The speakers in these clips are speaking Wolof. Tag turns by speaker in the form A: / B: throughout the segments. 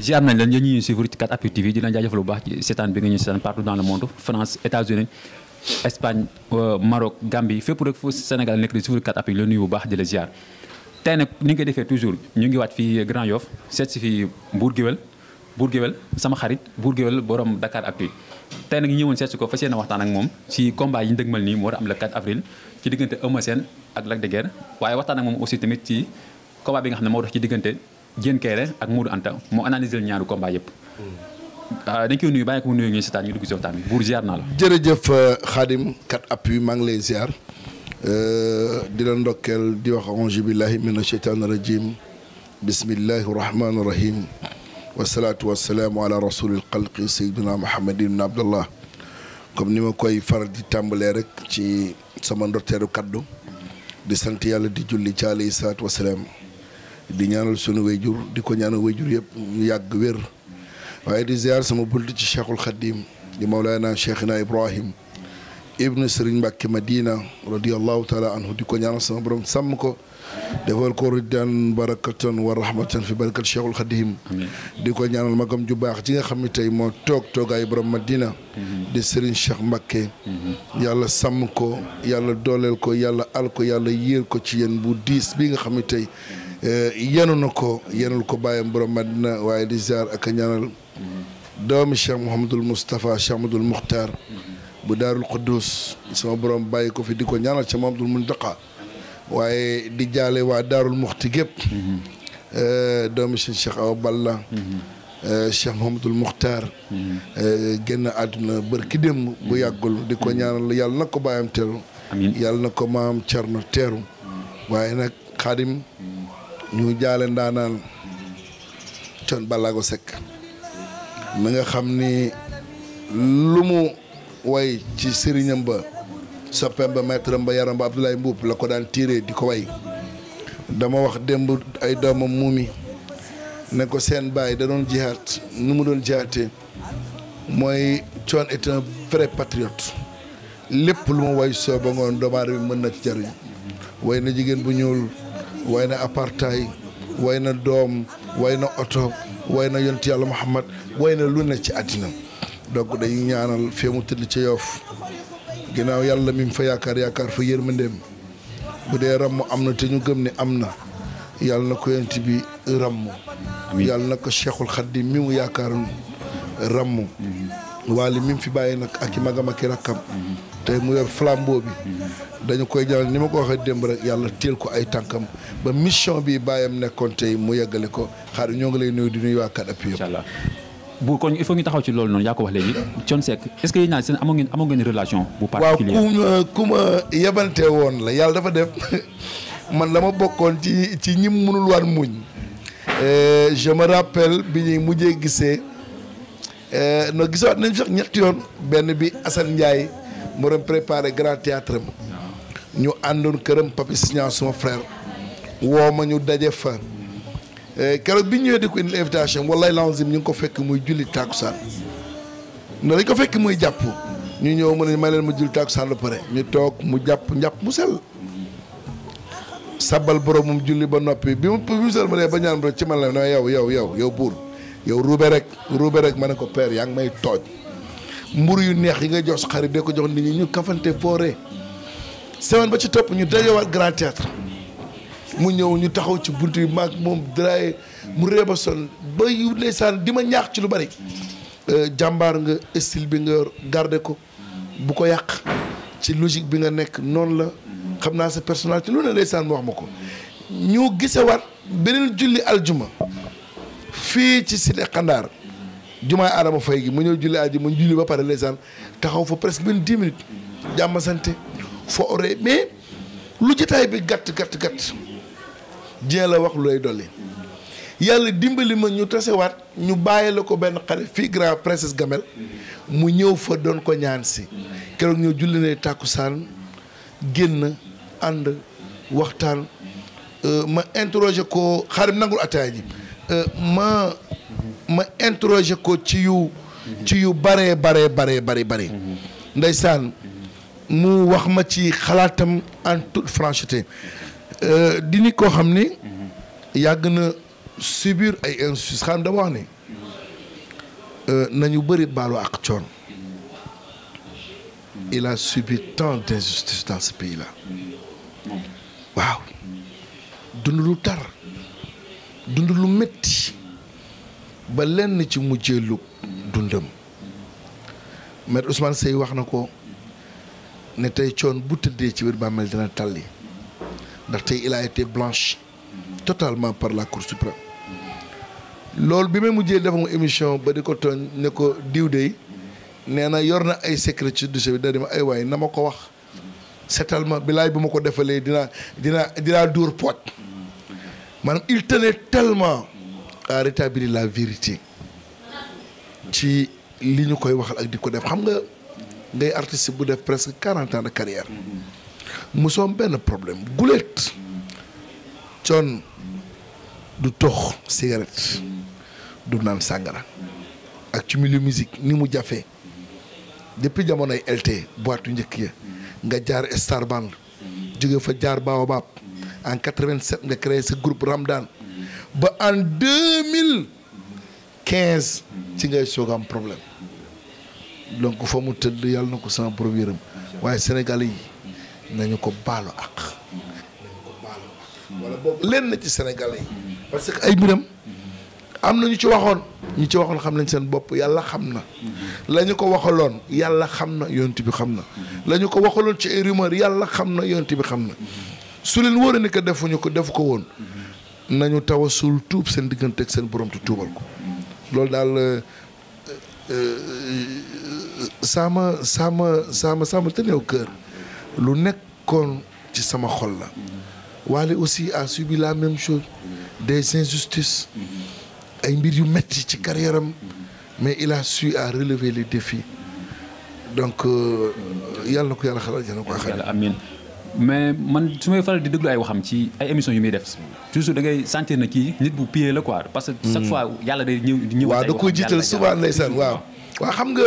A: ji nañ leen yéen ñuy suivre ci 4appuis TV di leen jaajëfal bu baax ci bi nga ñu seetaan partout dans le monde France États-Unis Espagne euh, Maroc Gambie fépp rek fu Sénégal nekk di suivre 4appuis la bu baax di la ziar. tey nag ni ñu koy defee toujours ñu ngi waat fii Grand Yoff seet si fii Bour Gueweul sama xarit Bour Gueweul borom Dakaractu tey nag ñu ñëwoon seet si ko fas yéene waxtaan ak moom si combat yi ñu dëgmal nii mu war a am le 4 avril ci diggante Eumeu Sène ak Lac de Guiers waaye waxtaan ak moom aussi tamit ci bi nga xam ne moo dox ci Diène Kairé ak Modou Anta moo analysé ñaari combat yëpp. Ah, dañ koy nuyu bàyyi ko mu nuyu ñu dugg si waxtaan buur ziar naa la.
B: jërëjëf euh, Khadim kat appui maa ngi lay ziar euh, la ndokkeel di wax auzu billahi mina shaytaani rajim bismillahi rahmaani rahim wasalaatu wasalaamu ala rasulil xalqi sayyidina Muhammad ibn Abdallah comme ni ma koy faral di tàmbalee rek ci sama ndorteeru kaddu di sant yàlla di julli ci alayhi salaatu di ñaanal sunu wayjur di ko ñaanal wayjur yëpp ñu yàgg wér waaye di ziar sama bunt ci cheikhul xadim di mawlaana cheikhina ibrahim ibnu sëriñ mbàkke madina radiallahu taala anhu di ko ñaanal sama borom sàmm ko defal ko riddan barakatan wa rahmatan fi barakat cheikhul xadim di ko ñaanal magam ju baax ji nga xam ne tey moo toog toogaay borom madina mhm. di sëriñ cheikh mbàkke mhm. yàlla sàmm ko yàlla dooleel ko yàlla al ko yàlla yéer ko ci yéen bu bi nga xam Eh, yenu na ko yenul ko bàyyam borom Madina waaye di ziar ak a ñaanal doomi Cheikh Mouhamadul Moustapha Cheikh Mouhamadul Mukhtar bu daarul Quddus sama borom bàyyi ko fi di ko ñaanal Cheikh Mouhamadul Muntaqa waaye di jaale waa daarul Muxti gépp eh, doomi doom Cheikh Awa Balla eh, Cheikh Mouhamadul Mukhtar génn àdduna bërki démb bu yàggul di ko ñaanal yàlla na ko bàyyam teeru yàlla na ko maam Cerno teeru waaye nag xaadim ñu jaale ndaanaan Thione Ballago Seck mi nga xam ni lu mu way ci sëriñam ba soppeem ba maîtram ba yaram ba Abdoulaye Mbuub la ko daan tiire di ko way dama wax démb ay doomam muumi ne ko seen baay da doon jihaat nu mu doon jihaatee mooy Thione est un vrai patriote lépp lu mu way soo ba ngoon doomu bi mën na ci jariñ way na jigéen bu ñuul way na apartheid way na doom way na oto way na yonent yàlla Muhammad way na lu ne ci àddina donc dañuy ñaanal fee mu tëdd ca yoof ginnaaw yàlla mi fa yaakaar yaakaar fa yërmandeem bu dee ramm am na te ñu gëm ni am na yàlla na ko yonent bi ramm yàlla na ko Cheikhul Khadim mi yaakaar ramm waa mi mu fi bàyyi nag ak i magam ak i rakkam te mu yor flambeau bi dañu koy ñaanal ni ma ko waxee démb rek yàlla teel ko ay tànkam ba mission bi bàyyam nekkoon tey mu yeggale ko xaar ñoo ngi lay nuyu di
A: nuyu waa Kadapio bu kon il faut ñu taxaw ci loolu noonu yaa ko wax léegi Thione Seck est-ce que yéen ñaar seen amoo ngeen amoo relation bu particulier waaw euh,
B: ku ma yebante woon la yàlla dafa def man la ma bokkoon ci ci ñim mënul waan muñ euh, je me bi ñuy mujjee gisee Eh, no gisawaat nañ sax ñetti yoon benn bi Assane Ndiaye mu doon préparé grand théâtre am ñu àndoon këram Papi Signan suma frère woo ma ñu daje fa eh, keroog bi ñëwee di ko indil invitation wallahi lanzim ñu ngi ko fekk muy julli tàkkusaan no dañ ko fekk muy jàpp ñu ñëw mu ne may leen ma julli tàkkusaan ba pare ñu toog mu jàpp njàpp mu sell sabal borom julli ba noppi bi mu bi mu sell ma dee ba ñaan borom ci man la ne yow yow yow yow buur yow ruube rek ruube rek ma ne ko père yaa ngi may tooj mburu yu neex yi nga jox sa xarit de ko jox nit ñi ñu kafante foore semaine ba ci topp ñu dajewaat grand théâtre mu ñëw ñu taxaw ci bunt yu mag moom draay mu réeba son ba yu ndeysaan di ma ñaax ci lu bari euh, jàmbaar nga style bi nga garde ko bu ko yàq ci logique bi nga nekk noonu la xam naa sa personnalité lu ne ndeysaan mu wax ma ko ñu gisewaat beneen julli aljuma fii ci Cité Xandaar jumaa Adama Faye gi ma ñëw julli aji ma julli ba pare ndeysaan taxaw fa presque benn dix minutes jàmm sante fo ore mais lu jotaay bi gàtt gàtt gàtt jéem la wax lu lay dolli yàlla dimbali ma ñu tasewaat ñu bàyyi la ko benn xale fii grand princesse Gamel mu ñëw fa doon ko ñaan si keroog ñëw julli ne tàkkusaan génn ànd waxtaan euh, ma interroger ko xaarim nangul ataaya ji Euh, ma ma interroger ko ci yu ci yu bare bare bare bare bare ndeysaan mu wax ma ci xalaatam en toute francheté euh, di koo xam ni yàgg na subir ay injustice xam dama wax ni euh, nañu bëri baalu ak coon il a subi d'injustice dans pays là waaw dund lu tar dund lu métti ba lenn ci mujjeelu dundam maître Ousmane Seye wax na ko ne tey coon bu tëddee ci biir bàmmeel dina tàlli ndax tey il a blanche totalement par la Cour suprême loolu bi may mujjee dafa mu émission ba di ko tooñ ne ko diw dey nee na yor na ay secret ci dossier bi da di ma ay waay na ma ko wax setal ma bilaay bu ma ko defalee dinaa dinaa dinaa dóor pooj maanaam il tenait tellement à rétablir la vérité ci li ñu koy waxal ak di ko def xam nga ngay artiste bu def presque quarante ans de mu musoom benn problème guléet coon du tox cigarette du naan sàngara ak ci milieu musique ni mu jafee depuis jamonoy LT boitu njëkk ya nga jaar Star Band jóge fa jaar Baobab en 87 nga créé sa groupe Ramadan ba en 2015 ci ngay soog am problème donc fa mu tëdd yàlla na ko sama proviram waaye Sénégal yi nañu ko baalu ak nañu ko lenn ci Sénégal yi parce que ay mbiram am na ñu ci waxoon ñu ci waxoon xam nañ seen bopp yàlla xam na la ñu ko waxaloon yàlla xam na yonent bi xam na la ñu ko waxaloon ci ay rumeur yàlla xam na yonent bi xam na su leen wóoree ni defuñu ko defu ko woon nañu tawasul tuub seen diggante ak seen borom te tuubal ko loolu daal euh, euh, saama sama sama sama tenue au cœur lu nekkoon ci sama xol la Wally aussi a subi la même chose des injustices ay mbir yu metti ci carrière mais il a su à relever les défis donc
A: euh, yàlla na ko yàlla xalaat yàlla na ko amiin mais man su may faral di déglu ay waxam ci ay émissions yu muy def toujours da ngay sentir na kii nit bu piyee la quoi. parce que chaque hmm. fois yàlla day ñëw ñëw. waaw da koo jiital souvent ndeysaan
B: waaw. waa xam nga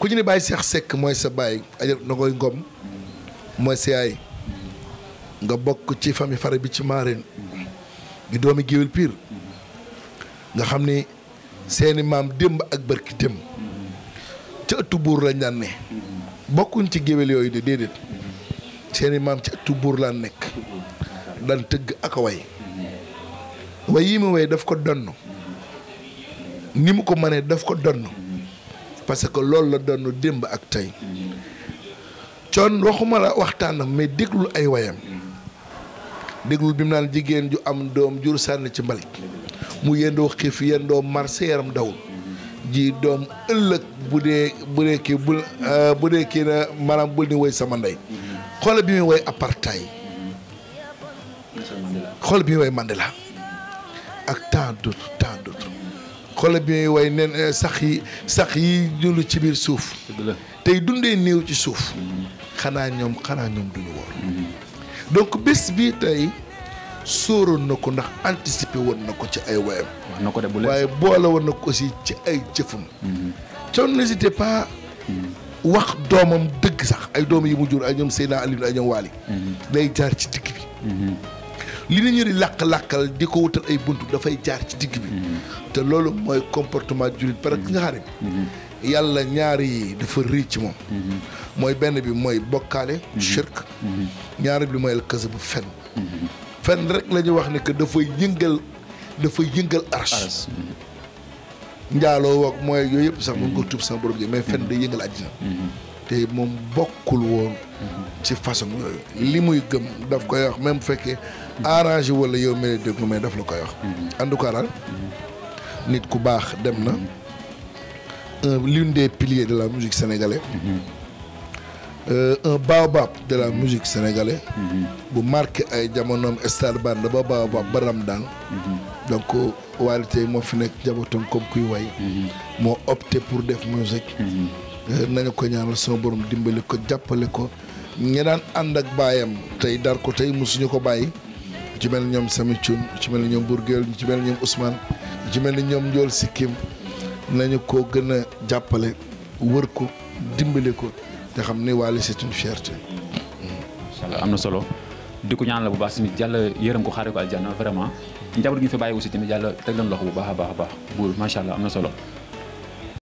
B: ku ñu ne Baye Cheikh Seck mooy sa baay aja na koy ngom mooy sa yaay nga bokk ci famille fare bi ci Marène di doomi géwél pire nga xam ni seeni maam démb ak barki démb ca ëttu buur lañ daan bokkuñ ci géwél yooyu de déedéet. seeni maam ci ëttu buur laa nekk daan tëgg ak a way way yi mu way daf ko donn ni mu ko mënee daf ko donn parce que loolu la donn démb ak tey coon waxuma la waxtaanam mais déglul ay wayam déglul bi mu naan jigéen ju am doom jur sànni ci mbalit mu yendoo xiif yendoo marché yaram dawul ji doom ëllëg bu dee bu dee kii bul euh, bu dee kii na maanaam bul ni woy sama ndey xoolal bi muy woy apartheid xoolal bi muy woy Mandela ak tant d'autres tant d'autres xoolal bi muy woy nen eh, sax yi sax yi jullu ci biir suuf tey dundee néew ci suuf xanaa ñoom xanaa ñoom duñu woor donc bés bi tey sóoroon na ko ndax anticiper woon na ko ci ay woyam waaye boole woon na ko aussi ci ay jëfam. Mhm. on n'hésitez pas. Mhm. wax doomam dëgg sax ay doom yi mu jur ay ñoom Seydina Aliou ay ñoom Waly mhm. day jaar ci digg bi mhm. li ñu di làq-làqal di ko wutal ay buntu dafay jaar ci digg bi mhm. te loolu mooy comportement jullit parce que nga xarit yàlla ñaari dafa rëy ci moom mooy benn bi mooy bokkaale shirk ñaari bi mooy alkasa bu fen fen rek la ñuy wax ne que dafa yëngal dafa yëngal arsh njaaloo woog mooy yooyu yëpp sax mën ko tuub sama borom jëg mais fen day yëngal àddina mm-hmm. te moom bokkul woon mm-hmm. ci façon yooyu li muy gëm daf koy wax même bu fekkee mm-hmm. arange wala yow mel déglu mais daf la koy wax en tout cas nit ku baax dem na euh, l'une des piliers de la musique sénégalaise Euh, un baobab de la musique sénégalaise. bu marqué ay jamonoom star band ba baobab ba Ramadaan. donc euh, Wally tey moo fi nekk njabootam comme kuy way. moo opté pour def musique. Euh, nañu ko ñaanal sama borom dimbali ko jàppale ko. ñi daan ànd ak baayam tey dar ko tey mosuñu ko bàyyi. ci mel ni ñoom Sami Thioune ci mel ni ñoom Bourguel ci mel ñoom ñoom Ousmane. ci mel ni ñoom Ndiol Sikkim nañu ko gën a jàppale wër ko dimbali ko. te xam ne Wally c'est une fierté.
A: am na solo di ko ñaan la bu baax tamit yàlla yërëm ko xaaree ko aljanna vraiment njaboot gi ñu fi bàyyi aussi tamit yàlla teg leen loxo bu baax a baax a baax buur macha allah am na solo.